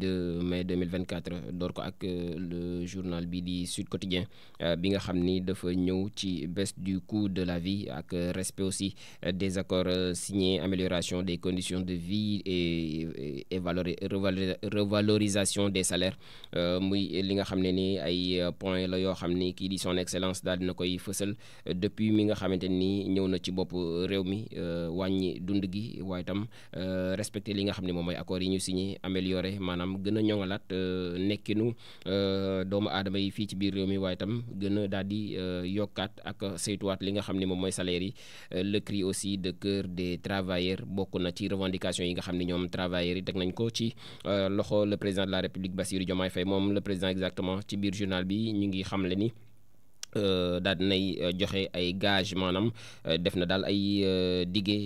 de mai 2024 door ko ak euh, le journal bi di Sud Quotidien euh, bi nga xam ni dafa ñëw ci baisse du coût de la vie ak respect aussi euh, des accords signés amélioration des conditions de vie et et revalorisation des salaires muy li nga xam ne ni ay points la yoo xam ni kii di son excellence daal dina koy fësal depuis mi nga xamante nii ñëw na ci bopp réew mi wàññi dund gi waaye tam respecter li nga xam ne moom mooy accords yi ñu signé améliorer maanaam maanaam gën a ñoŋalaat euh, nekkinu euh, doomu aadama yi fii ci biir réew mi waaye tam gën a daal di euh, yokkaat ak saytuwaat li nga xam ni moom mooy salaire yi le cri aussi de cœur des travailleurs bokk na ci revendication yi nga xam ne ñoom travailleurs yi teg nañ ko ci loxo le président de la république Bassirou Diomaye Faye moom le président exactement ci biir journal bi ñu ngi xamle ni Euh, daal di euh, joxe ay gage maanaam euh, def na daal ay diggé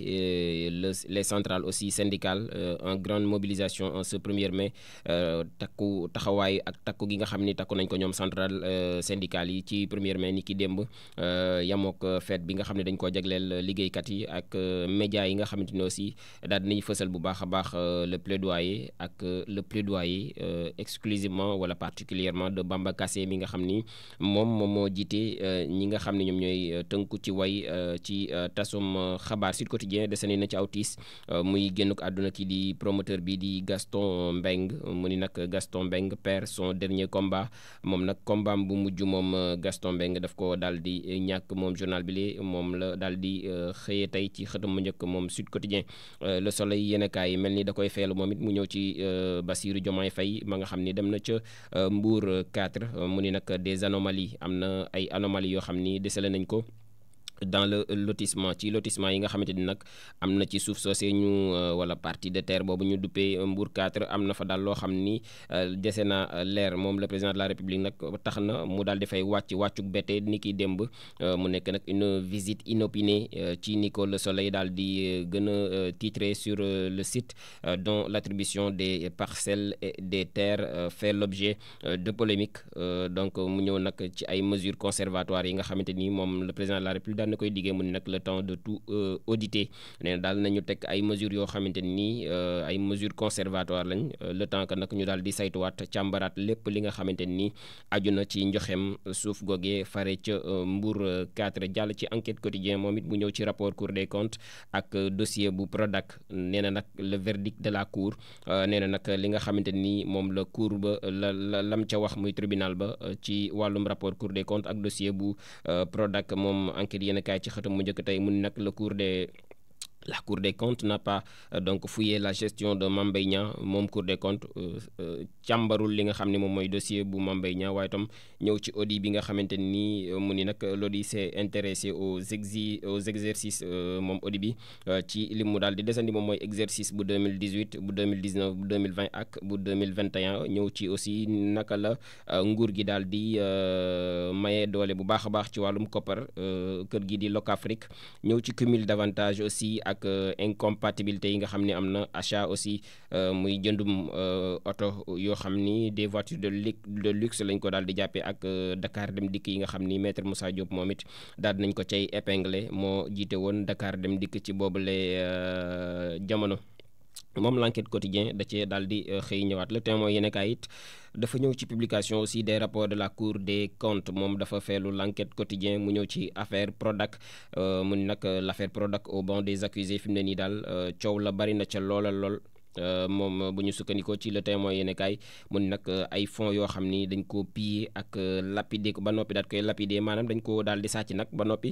les centrale aussi syndicales en grande mobilisation en ce premier mai takku taxawaay ak takku gi nga xam ni takku nañ ko ñoom centrale syndicales yi ci premier mais ni ki démb yamook fête bi nga xam ne dañ ko jagleel liggéeykat yi ak médias yi nga xamante ne aussi daal di nañ bu baax a baax le plaidoyer ak le plaidoyer exclusivement wala particulièrement de Bamba Kassé mi nga xam ni moom moom moo invité euh, ñi nga xam ne ñoom ñooy euh, tënku ci way euh, ci tasum xabaar Sud Quotidien desani na ci aw tiis génn ko àdduna ki di promoteur bi di Gaston mbeng mu ni nag Gaston Mbengue per son dernier combat moom nag combat bu mujj moom Gaston Mbengue daf ko daal di ñàkk moom journal bi lee moom la daal di xëyee tey ci xëtam mu njëkk moom Sud Quotidien Le Soleil yéenekaay yi mel ni da koy feelu moom it mu ñëw ci Bassirou Diomaye Faye ma nga xam ni dem na ca Mbour 4 mu ay anomalie yoo xam ni desale nañ ko dans le euh, lotissement ci lotissement yi nga xamante ni nag am na ci suuf soosee ñu euh, wala partie de terre boobu ñu duppee euh, Mbour 4 am na fa daal loo xam ni dese na leer moom la président de la république nag tax na mu daal di fay wàcc wàccuk bette ni ki démb mu nekk nag une visite inopinée ci ni ko le soleil daal di gën a titré sur le site dont l'attribution des parcelles et des terres fait l'objet de polémiques donc mu ñëw nag ci ay mesures conservatoires yi nga xamante ni la koy liggéey mu ne nag le temps de tout euh, auditer nee euh, euh, le temps que nag ñu daal di saytuwaat càmbaraat lépp li nga xamante ni aju na ci njoxem suuf googee fare ca Mbour 4 jàll ci enquête quotidien moom it mu ñëw ci rapport cour des comptes ak dossier bu Prodac nee na nag le verdict de la cour nee na nag li nga xamante ni moom la cour ba la la lam ca wax muy tribunal ba ci wàllum rapport cour des comptes ak dossier bu Prodac moom enquête yéen kaay ci xëtam mu njëkk tey mun nag le la Cour des comptes n'a pas euh, donc fouillé la gestion de Mame moom Cour des comptes euh, euh, càmbarul li nga xam ne moom mooy dossier bu Mame Mbaye Niang waaye itam ñëw ci audit bi nga xamante ni euh, mu ni nag l'audit s'est intéressé aux exi aux exercices moom audit bi ci li mu daal di desandi moom mooy exercice bu 2018 bu 2019 bu 2020 ak bu 2021 ñëw ci aussi naka la nguur gi daal di maye doole bu baax a baax ci wàllum koppar kër gi di Locafrique ñëw ci cumul d'avantages aussi ak euh, incompatibilité yi nga xam ne am na achat aussi euh, muy jëndum euh, oto yoo xam ni des voitures de de luxe lañ ko daal di jàppee ak Dakar dem dikk yi nga xam ni maître Moussa Diop moom it daal nañ ko cay épinglé moo jiite woon Dakar dem dikk ci boobule jamono. moom l'enquête quotidien da ce daal di euh, xëy ñëwaat le témoin mooy yenekaay it dafa ñëw ci publication aussi des rapport de la cour de comptes moom dafa feelu l'enquête quotidien mu ñëw ci affaire Prodac euh, mu ni nag euh, l'affaire Prodac au bon des accusés fi mu ne nii daal coow la bari na ca loolal lool Euh, moom bu ñu sukkandikoo ci le témoin yéen kaay mu ne nag euh, ay fonds yoo xam ni dañ ko pillé ak euh, lapidé ko ba noppi daal koy lapidé maanaam dañ ko daal di sàcc nag ba noppi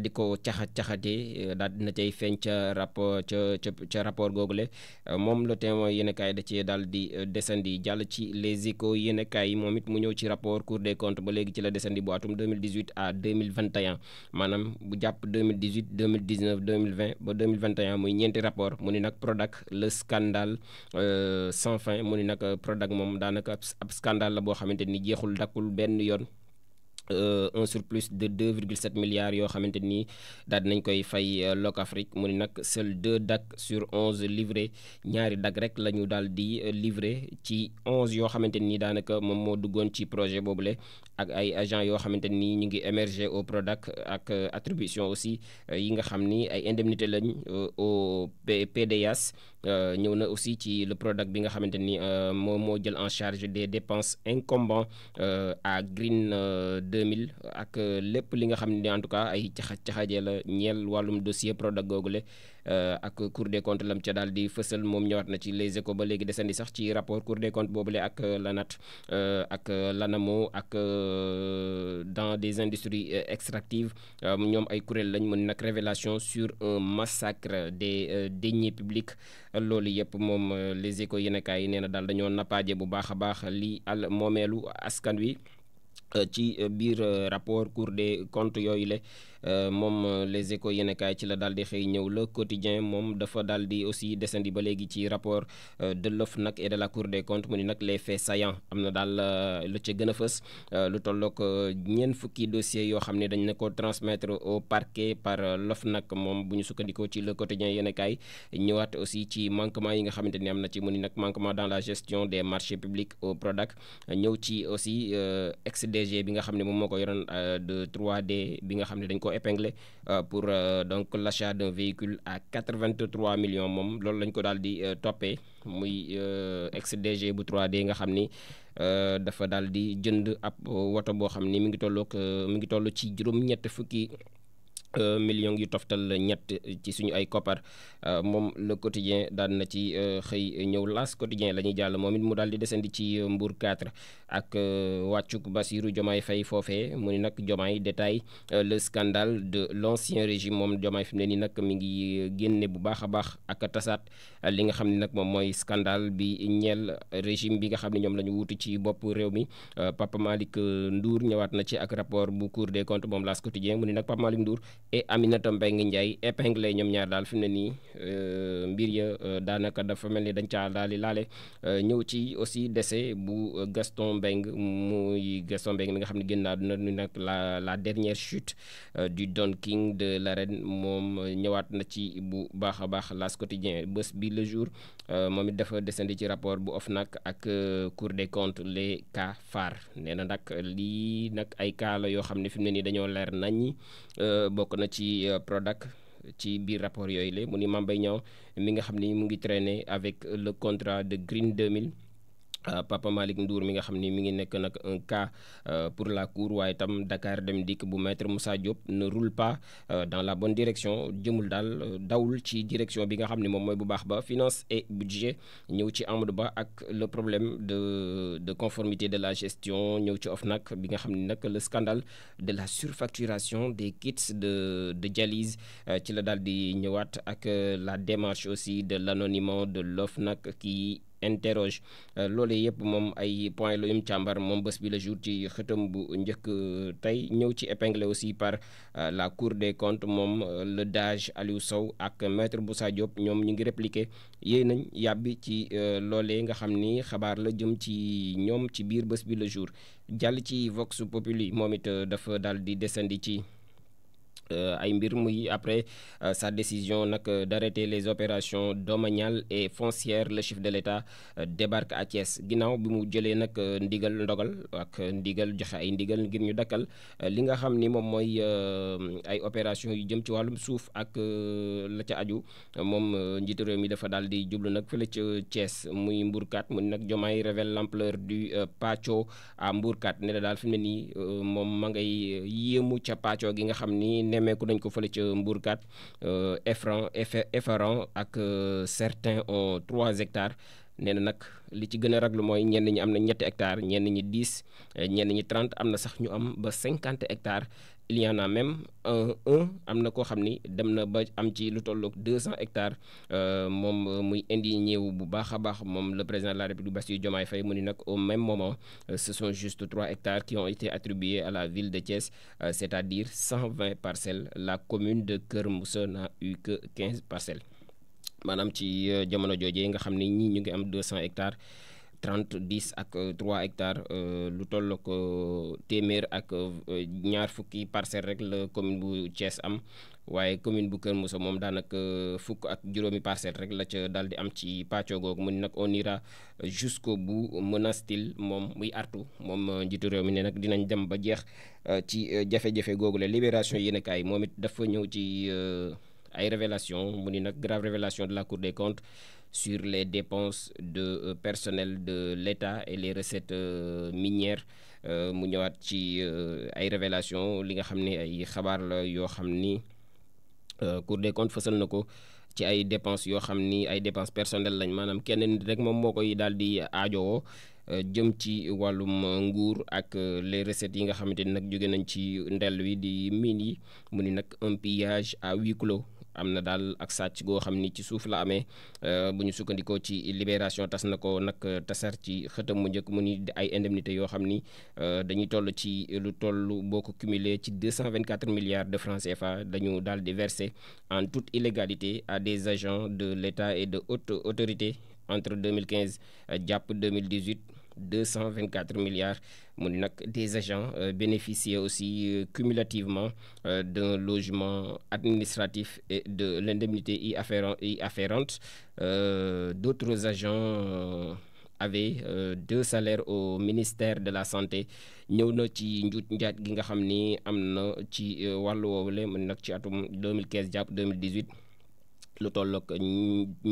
di ko caxat caxatee daal dina cay feeñ ca rapport ca moom le témoin yéen da cee daal di desandi jàll ci les échos yéen kaay moom it mu ñëw ci rapport cour des comptes ba léegi ci la desandi bu atum maanaam bu jàpp muy ñeenti rapport mu ni nag Prodac le scandale scandale euh, sans fin mu ni nag Prodac moom daanaka ab scandale la boo xamante ni jeexul dakkul benn yoon Euh, un surplus de 2,7 milliards yoo xamante ni daal dinañ koy fay euh, Locafrique mu ni nag seul deux DAC sur onze livrés ñaari DAC rek la ñu daal di euh, livre ci onze yoo xamante ni daanaka moom moo duggoon ci projet le ak ay agent yoo xamante ni ñu ngi émerger au Prodac ak atribution aussi yi nga xam ni ay indemnité lañ au PDAS ñëw na aussi ci le Prodac bi nga xamante ni moom moo jël en charge des dépense incombant à Green 2000 ak euh, lépp li nga xam ne en tout cas ay caxa caxajee la ñeel wàllum dossier Prodac le euh, ak Cour de comptes lam ca daal di fësal moom ñëwaat na ci Les Échos ba léegi desandi sax ci rapport Cour des comptes boobule ak euh, l'ANAT ak l'ANAMO ak dans des industries extractives ñoom ay kuréel lañ mën nag révélation sur un massacre des deniers publics loolu yëpp moom Les Échos yenekaay yi nee na daal dañoo nappaaje bu baax a baax lii al moomeelu askan wi ci biir rapport cour des comptes yooyu le Euh, moom euh, les échos yéen kaay ci la daal di xëy ñëw la quotidien moom dafa dal di aussi descendi ba léegi ci rapport euh, de l'OFNAC et de la cour des comptes mu ni nag les faits saillants am na daal lu ca gën a fës lu tollook ñeent fukki dossiers yoo xam ne dañ ne ko transmettre au parquet par nag moom bu ñu sukkandikoo ci le quotidien yéen kaay ñëwaat aussi ci manquement yi nga xamante ni am na ci mu ni nag manquement dans la gestion des marchés publics au PRODAC ci aussi ex bi nga xam ne moom moo ko yoroon de 3 bi nga xam ne dañ ko ko euh, pour euh, donc l'achat d'un véhicule à 83 millions moom loolu lañ ko daal di euh, toppee muy ex DG bu 3D nga xam ni dafa daal di jënd ab woto boo xam ni mi ngi tollook mi ngi toll ci juróom-ñett fukki Euh, million yu toftal ñett ci suñu ay koppar euh, moom le quotidien daan na ci euh, xëy ñëw las quotidien la ñuy jàll moom it mu daal di desandi ci Mbour 4 ak wàccuk Bassirou Diomaye fay foofee mu ni nag Diomaye détaille le scandale de l'ancien régime moom Diomaye fi mu ne nii nag mi ngi génne bu baax a baax ak tasaat li nga xam ni nag moom mooy scandale bi ñeel régime bi nga xam ne ñoom la ñu wuutu ci bopp réew mi Papa Malick Ndour ñëwaat na ci ak rapport bu Cour des comptes moom las quotidien mu ni nag Papa Malick Ndour et eh, Aminata Mbengue Ndiaye épinglé ñoom ñaar daal fi mu ne nii euh, mbir ya euh, daanaka dafa mel ni dañ caa daal di laale euh, ñëw ci aussi décès bu Gaston Mbengue muy Gaston Mbengue mi nga xam ne génn àdduna nu nag la la dernière chute du Don King de l'arène moom ñëwaat na ci bu baax a baax L'As Quotidien bës bi le jour Euh, moom it dafa desandi ci rapport bu nag ak euh, Cour de comptes les cas phares nee na nag euh, lii nag ay cas yoo xam ne fim ne nii dañoo leer naññi bokk na ci Prodac ci biir rapport yooyu le mu ni Mame bay Niang mi nga xam ni mu ngi traîner avec le contrat de Green 2000. Euh, Papa Malick Ndour mi nga xam ni mi ngi nekk nag un cas euh, pour la cour waaye itam Dakar dem dikk bu maître Moussa Diop ne rule pas euh, dans la bonne direction jëmul daal dawul ci direction bi nga xam ni moom mooy bu baax ba finance et budget ñëw ci Amadou Ba ak le problème de de conformité de la gestion ñëw ci nag bi nga xam ni nag la scandale de la surfacturation des kits de de dialyse ci la daal di ñëwaat ak la démarche aussi de l'anonymat de l'OFNAC qui interroge euh, loole yëpp moom ay point la yum càmbar moom bés bi la jour ci xëtam bu njëkk euh, tey ñëw ci épinglé aussi par euh, la cour des comptes moom le DAGE Aliou Sow ak maître Boussa Diop ñoom ñu ngi répliqué yéey nañ yàbbi ci loolee nga xam ni xabaar la jëm ci ñoom ci biir bés bi la jour jàll ci Vox Populi moom it dafa daal di descendi ci Euh, ay mbir muy après euh, sa décision nag euh, d'arrêter les opérations domaniales et foncière le chef de l'État débarque à Thiès ginnaaw bi mu jëlee nag ndigal ndogal ak ndigal joxe ay ndigal ngir ñu dakkal li nga xam ni moom mooy ay opération yu jëm ci wàllum suuf ak la ca aju moom njiitu réew mi dafa daal di jublu nag fële ca Thiès muy Mbourkat mu nag Diomaye révèle l'ampleur du pàccoo à Mbourkat ne da daal fi mu ne nii moom ma ngay yéemu ca pàccoo gi nga xam ni nemmeeku nañ ko fële ca Mbourkat euh, Efran Effaran ak euh, certains ont trois hectares nee na nag li ci gën a raglu mooy ñenn ñi am na ñetti hectares ñenn ñi dix ñenn ñi trente am na sax ñu am ba cinquante hectares il y même un am na koo xam ni dem na ba am ci lu tolloog deux cent hectares euh, moom euh, muy indi ñëw bu baax a baax moom la président de la république Bassirou Diomaye fay mu ni nag au même moment euh, ce son juste trois hectares qui ont été attribués à la ville de Thiès c'est-à-dire cent vingt parcelles la commune de Kër Moussa n'a eu que quinze parcelles maanaam ci jamono joojee nga xam ni ñii ñu ngi am deux cent hectares. 30 10 ak 3 euh, hectares euh, lu toll ko euh, téeméer ak ñaar fukki parcelle rek la commune bu Thiès am waaye commune bu Kër Moussa moom daanaka fukk ak juróomi parcelle rek la ca daal di am ci pàccoo googu mu ne nag on ira jusqu'au bu menace-t-il moom muy artu moom njiitu réew mi ne nag dinañ dem ba jeex ci jafe-jafe googu la libération yéen a kaay moom it dafa ñëw ci ay révélation mu ni nag grave révélation de la Cour des comptes sur les dépenses de euh, personnel de l'État et les recettes euh, minières euh, mu ñëwaat ci ay révélation li nga xam ni ay xabaar la yoo xam ni Cour des comptes fësal na ko ci ay dépenses yoo xam ni ay dépenses personnelles lañ maanaam kenn nit rek moom moo koy daal di aajowoo jëm ci wàllum nguur ak les recettes yi nga xamante ni nag jóge nañ ci ndel wi di mine yi mu ni nag un pillage à huis clos am na daal ak sàcc goo xam ni ci suuf la amee euh, bu ñu sukkandikoo ci libération tas na ko nag euh, tasar ci xëtam mu njëkk mu ni ay indemnité yoo xam ni euh, dañuy toll ci lu toll boo ko cumulé ci 224 milliards de francs CFA dañu daal di verser en toute illégalité à des agents de l'État et de haute autorité entre deux mille 2015 jàpp 2018 224 milliards mu ni nag des agents euh, bénéficiaient aussi euh, cumulativement euh, d'un logement administratif et de l'indemnité y afférente d'autres agents avait deux salaires au ministère de la santé ñëw na ci njuut njaaj gi nga xam ni am na ci wàllu le mu nag ci atum 2015 jàpp 2018 lu tollook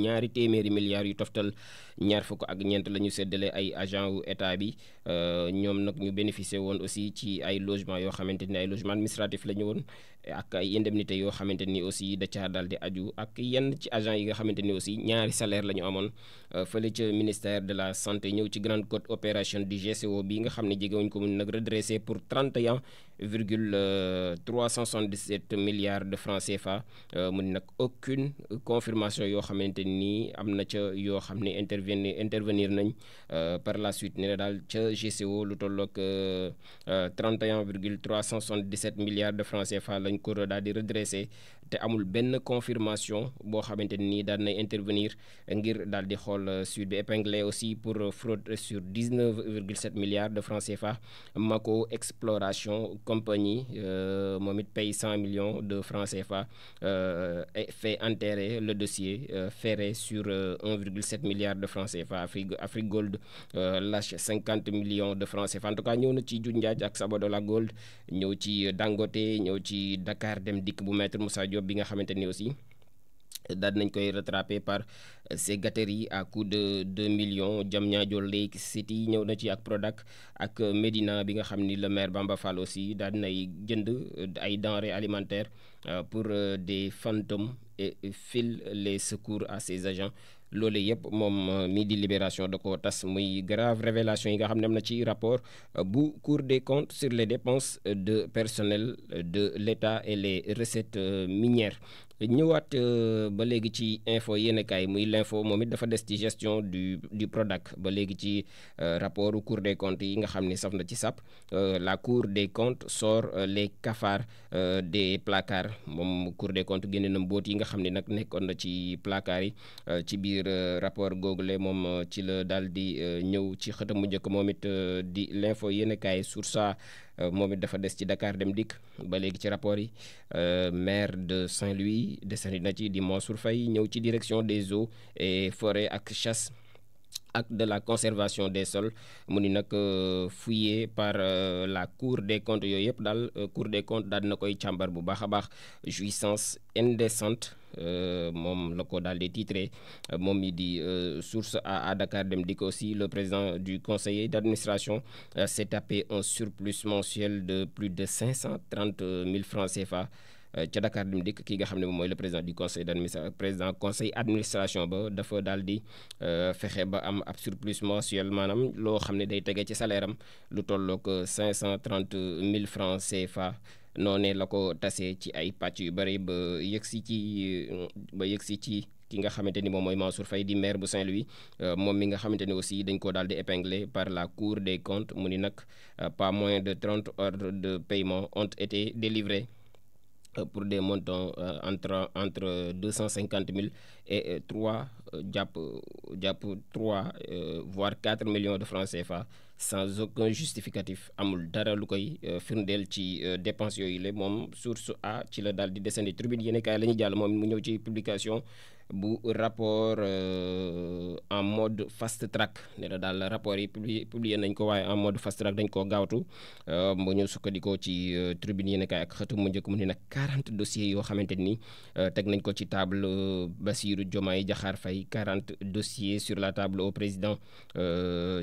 ñaari téeméeri milliards yu toftal ñaar fukk ak ñeent la ñu séddale ay agent wu état bi euh, ñoom nag ñu bénéficier woon aussi ci ay logement yoo xamante ni ay logement administratif la ñu woon ak ay indemnité yoo xamante ni aussi da caa daal di aju ak yenn ci agent yi nga xamante ni aussi ñaari salaire la ñu amoon euh, fële ca ministère de la santé ñëw ci grande côte opération du GCO bi nga xam ne jegewuñ ko mun nag redressé pour 31 virgule 377 milliards de francs CFA euh, mun nag aucune confirmation yoo xamante nii am na ca yoo xam ne interview intervenir intervenir nañ euh, par la suite ne daal ca GCO lu tolloog 31 euh, euh, virgule 377 milliards de francs CFA lañ ko daal di redressé te amul benn confirmation boo xamante ni daal nay intervenir ngir daal di xool Sud bi épinglé aussi pour fraude sur 19 virgule 7 milliards de francs CFA Mako Exploration compagnie moom it paye million millions de francs CFA et fait enterrer le dossier ferré sur 1,7 milliard de francs francs CFA Afrique Afrique Gold euh, lâche cinquante millions de francs CFA en ñëw na ci Doudou Ndiaye ak la Gold ñëw ci Dangote ñëw ci dakaar Dem Dikk bu maître Moussa Diop bi nga xamante ni aussi. daal nañ koy rattrapé par Ségateri à coût de 2 millions Diamniadio Lake City ñëw na ci ak Prodac ak Medina bi nga xam ni le maire Bamba Fall aussi daal nay jënd ay denrées alimentaire euh, pour euh, des fantômes et file les secours à ses agents loole yëpp moom euh, mii di libération da ko tas muy grave révélation yi nga xam ne am na ci rapport euh, bu cour de comptes sur les dépenses euh, de personnel de l'État et les recettes minières ñëwaat euh, ba léegi ci info yéen kaay muy l'info moom it dafa des ci gestion du du Prodac ba léegi ci euh, rapport Cour des comptes yi nga xam ni saf na ci sap euh, la Cour des comptes sort les cafards de placards moom Cour de comptes génne na mboot yi nga xam ni nag nekkoon na ci placard yi ci biir rapport googule moom ci la daal di ñëw ci xëtam mu njëkk moom it di l'info yéen kaay sur ça Euh, moom it dafa des ci dakaar dem dikk ba léegi ci rapport yi euh, maire de Saint-Louis desandi na ci di Mansour Faye ñëw ci direction des eaux et forêts ak chasse ak de la conservation des sols mu ni nag euh, fouillé par la cour des comptes yooyu yëpp daal cour des comptes daal dina koy càmbar bu baax a baax jouissance indécente Euh, moom la ko daal di titré euh, moom mi di euh, source à Dakar Dem Dikk aussi le président du conseil d'administration s'est tapé un surplus mensuel de plus de cinq cent trente mille francs CFA ca Dakar Dem Dikk ki nga xam ne moom mooy le président du conseil d'administration président conseil administration ba dafa daal di fexe ba am ab surplus mensuel maanaam loo xam ne day tege ci salaire am lu tolloog cinq cent trente mille francs CFA. noonee la ko tasee ci ay pàcc yu bëri ba si ci ba si ci ki nga xamante ni moom mooy Mansour Faye di maire bu Saint-Louis euh, moom mi nga xamante ni aussi dañ ko daal di épinglé par la Cour des comptes mu ni nag euh, pas moins de trente ordres de paiement ont été délivrés euh, pour des montants entre entre deux cent cinquante mille et trois jàpp jàpp trois voire quatre millions de francs CFA sans aucun justificatif amul dara lu koy euh, firndeel ci euh, dépense yooyu la moom source a ci la daal di descendre tribune yéen kaay la ñuy jàll moom mu ñëw ci publication bu rapport euh, en mode fast track nee na daal rapport yi publié publié nañ ko waaye en mode fast track dañ koo gaawtu mu euh, ñu sukkandikoo ci euh, tribune yi ak xëtu mu njëkk mu ne nag 40 dossiers yoo xamante ni teg nañ ko ci table Bassirou Diomaye Diakhar fay 40 dossiers sur la table au président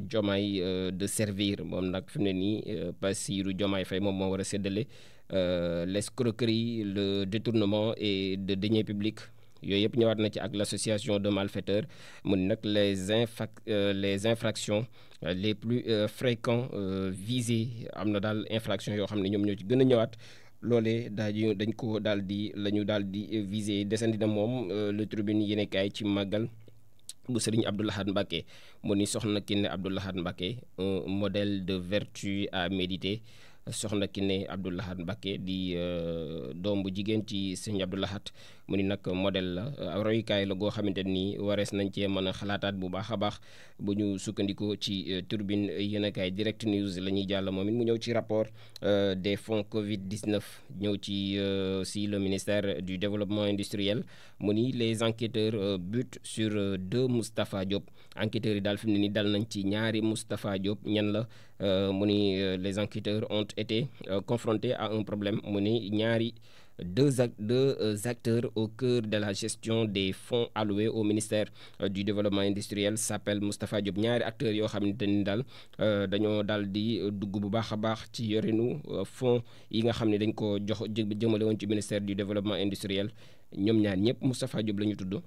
Diomaye de servir moom nag fi mu ne nii Bassirou Diomaye fay moom moo war a séddale l'escroquerie le détournement et de deniers publique yooyu yëpp ñëwaat na ci ak l' association de malfaiteurs mu nag les infa euh, les infractions euh, les plus euh, fréquents visés am na daal infraction yoo xam ne ñoom ñoo ci gën a ñëwaat loolee daañu dañ ko daal di la ñu daal di visé desandi na moom le tribune yéene ci màggal bu Serigne Abdou Lahad Mbacké mu ni soxna Kiné Abdou Lahad Mbacké un modèle de vertu à méditer soxna Kiné Abdou Lahad Mbacké di doom bu jigéen ci Serigne Abdou Lahad mu ni nag modèle la euh, royukaay la goo xamante ni warees nañ cee mën a xalaataat bu baax a baax bu ñu sukkandikoo ci euh, turbine yéenekaay direct news la ñuy jàll moom it mu ñëw ci rapport euh, des fonds Covid 19 ñëw ci si le ministère du développement industriel mu ni les enquêteurs butent sur deux Moustapha Diop enquêteurs yi daal fi ne ni dal nañ ci ñaari Moustapha Diop ñan la mu ni les enquêteurs ont été confrontés à un problème mu ni ñaari. deux, act deux euh, acteurs au cœur de la gestion des fonds alloués au ministère euh, du développement industriel sappel Moustapha Diop ñaari acteurs yoo xamante ni daal euh, dañoo daal di dugg bu baax a baax ci nu fonds yi nga xam ne dañ ko jox jëmale woon ci ministère du développement industriel ñoom ñaar ñëpp Moustapha Diop la ñu tudd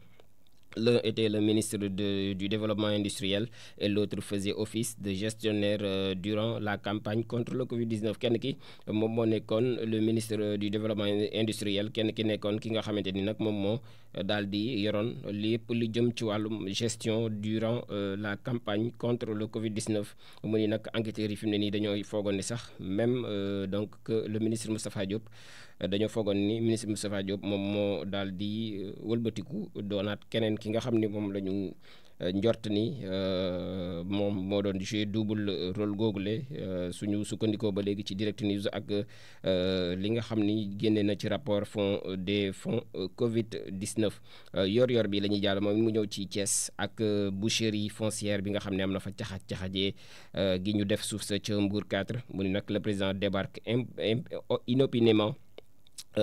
L'un était le ministre de, du Développement industriel et l'autre faisait office de gestionnaire euh, durant la campagne contre le Covid-19 kenn ki moom moo nekkoon le ministre euh, du Développement industriel kenn ki nekkoon ki nga xamante ni nag moom moo daal di yoroon lépp lu jëm ci wàllum gestion durant euh, la campagne contre le Covid 19 mu ni nag enquêteurs yi fi mu ne nii dañooy foogoon ni sax même euh, donc que le ministre Moustapha Diop euh, dañoo foogoon ni ministre Moustapha Diop moom moo daal di wëlbatiku doonaat keneen ki nga xam ni moom lañu Euh, njort ni euh, moom moo doon joué double rôle googule euh, suñu sukkandikoo ba léegi ci direct news ak li nga xam ni génne na ci rapport fonds des fonds Covid 19. yor-yor bi la ñuy jàll moom mu ñëw ci Thiès ak boucherie foncière bi nga xam ne am na fa caxaj caxajee gi ñu def suuf sa ca Mbour 4 mu ni nag le président débarque inopinément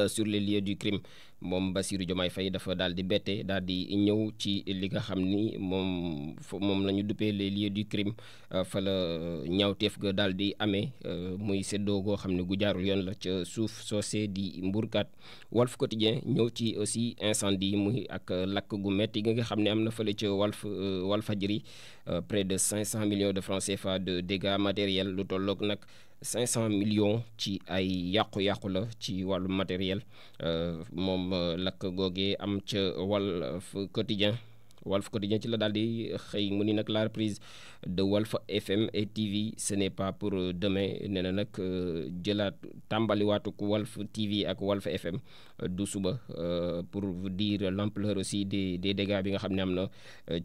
sur les lieux du crime. moom Bassirou Diomaye fay dafa daal di bette daal di ñëw ci li nga xam ni moom moom la ñu duppee les lieux du crime euh, fa la euh, ñaawteef ga daal di amee euh, muy séddoo goo xam ne gu jaarul yoon la ca suuf soosee di mburkat Walf Quotidien ñëw ci aussi incendie muy ak lakk gu metti gi nga xam ne am na fële ca Walf Walfadjri près de cinq cent millions de francs CFA de dégâts matériel lu tolloog nag cinq cent millions ci ay yàqu-yàqu la ci wàllu matériel euh, moom euh, lakk googee am ca wàll quotidien Walf Quotidien ci la daal di xëy mu ni nag la reprise de Walf FM et TV ce n'est pas pour demain nee na nag euh, jëlaat tàmbaliwaatu ku Walf TV ak Walf FM euh, du suba euh, pour dire l'ampleur aussi des des dégâts bi nga xam ne am na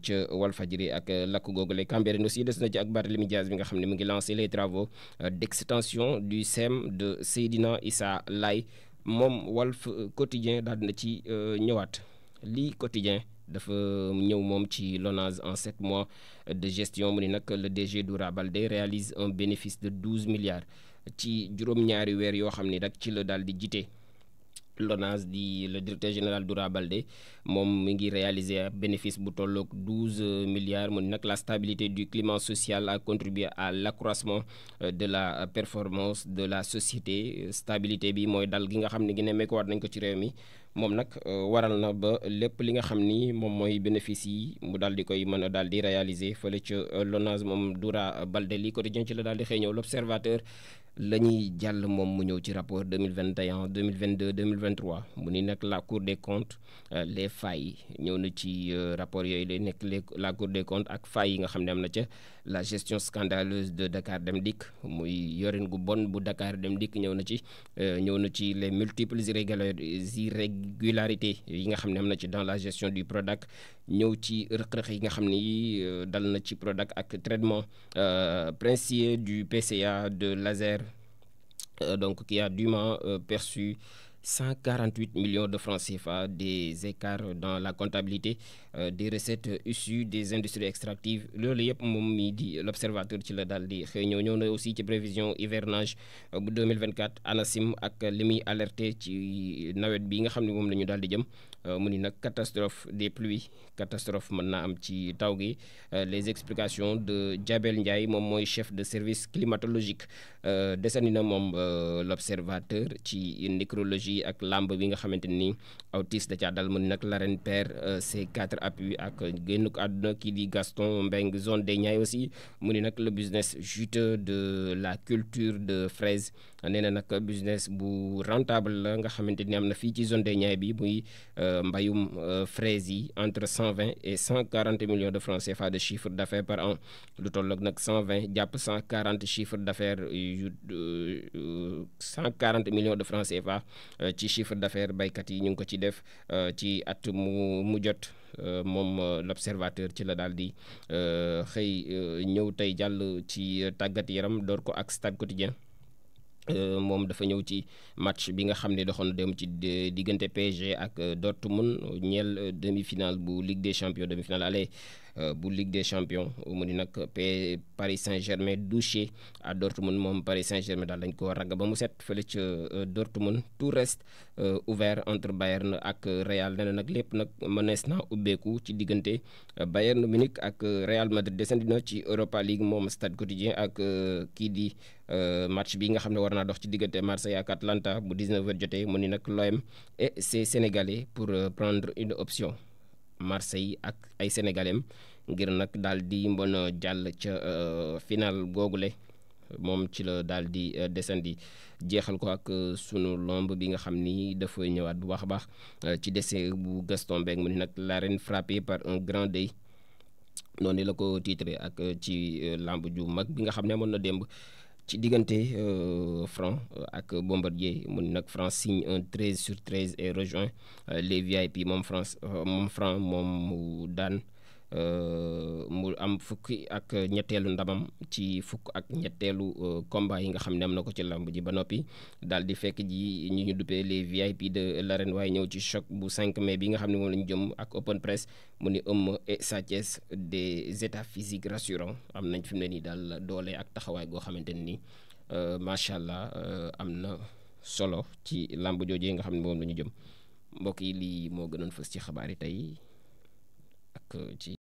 ca Walfadjri ak lakk googule Cambérène aussi des na ci ak Barthélémy Dias bi nga xam ne mu ngi lancé les travaux d'extension du SEM de Seydina Issa Laye moom Walf Quotidien daal na ci ñëwaat lii quotidien dafa ñëw moom ci Lonase un sept mois de gestion mu ni nag le DG Doura Baldé réalise un bénéfice de douze milliards ci juróom-ñaari weer yoo xam ni rek ci la dal di jite Lonase di le directeur général Doura Baldé moom mi ngi réaliser un bénéfice bu tolloog douze milliards mu ni nag la stabilité du climat social a contribué à l'accroissement de la performance de la société stabilité bi mooy dal gi nga xam ne gi ne mekkuwaat nañ ko ci réew mi moom nag euh, waral na ba lépp li nga xam ni moom mooy bénéfice yi mu daal di koy mën a daal di réaliser fële ca euh, LONASE moom Doura Baldé li quotidien ci la daal di xëy ñëw l'observateur la ñuy jàll moom mu ñëw ci rapport 2021 2022 2023 mu ni nag la cour des comptes euh, les failles ñëw na ci euh, rapport yooyu lay nekk les la cour des comptes ak failles yi nga xam ne am na ca la gestion scandaleuse de Dakar Dem Dikk muy yorin gu bon bu Dakar Dem Dikk ñëw na ci euh, ñëw na ci les multiples irrégularités yi nga xam ne am na ci dans la gestion du Prodac ñëw ci rëq-rëq yi nga xam ne yi dal na ci Prodac ak traitement princier du PCA de Laser Euh, donc qui a dûment euh, perçu 148 millions de francs fa des écarts dans la comptabilité euh, des recettes issues des industries extractives loolu yëpp moom mii di l'observateur ci la daal di xëy ñëw ñëw na aussi ci prévision hivernage bu 2024 ANACIM ak li muy alerté ci nawet bi nga xam ne moom la ñu daal di jëm Euh, mu ni nag catastrophe des pluies catastrophe mën naa am ci taw gi euh, les explications de Diabel Ndiaye moom mooy chef de service climatologique euh, desani na moom l'observateur ci nécrologie ak làmb bi nga xamante ni autis da caa dal mu ni nag l'arène perd ses quatre appuis ak génn ko àdduna kii di Gaston Mbengue zone des Niayes aussi mu ni nag le business juteux de la culture de fraise nee na nag business bu rentable la nga xamante ni am na fii ci zone des Niayes bi muy euh, mbayum euh, fraise yi entre cent vingt et cent quarante de francs CFA de chiffre d'affaires par an nag cent vingt jàpp cent quarante chiffre d'affaires yu euh, cent quarante millions de francs CFA ci chiffre d'affaires baykat yi ñu ngi ko ci def ci at mu mu jot. moom l'observateur ci la daal di xëy ñëw tey jàll ci tàggat yaram door ko ak stade quotidien Euh, moom dafa ñëw ci match bi nga xam ne doxoon dem ci diggante PSG ak euh, Dortmund ñeel euh, demi-finale bu Ligue des Champions demi-finale aller Euh, bu Ligue des champions mu ni nag P Paris Saint-Germain douché à Dortmund moom Paris Saint-Germain daal dañ ko ragg ba mu set fële ca euh, Dortmund tout reste euh, ouvert entre Bayern ak Real nee nag lépp nag mënees na ubbeeku ci diggante Bayern Munich ak Real Madrid desandi na ci Europa League moom Stade Quotidien ak kii di match bi nga xam ne war naa dox ci diggante Marseille ak Atlanta bu 19h jotee mu ni nag l'OM e ses Sénégalais pour prendre une option. Marseille ak ay sénégalais ngir nag daal di mën jàll ca euh, final googule moom ci la daal di euh, desandi jeexal ko ak euh, sunu lomb bi nga xam ni dafa ñëwaat bu baax a baax ci décès bu Gaston Mbengue mu ni nag l'arène frappée par un grand deuil noonu la ko titré ak ci lamb ju mag bi nga xam ne amoon na démb. ci diggante euh, Franc euh, ak Bombardier mu ne nag Franc signe un 13 sur 13 et rejoint euh, les VIP moom France moom Franc moom mu daan. Euh, mu am fukki ak ñetteelu ndamam ci fukk ak ñetteelu euh, combat yi nga xam ne am na ko ci làmb ji ba noppi dal di fekk ji ñu ñu duppee les VIP de l'arène waaye ñëw ci choc bu 5 mai bi nga xam ne moom lañu jëm ak open mu ni Eumeu et Sa Thiès des états physiques am nañ fi mu ne nii daal doole ak taxawaay goo xamante ne nii euh, macha allah am na solo ci làmb jooju yi nga xam ne moom lañu jëm mbokk yi lii moo gënoon fës ci xabaar yi tey. ak ci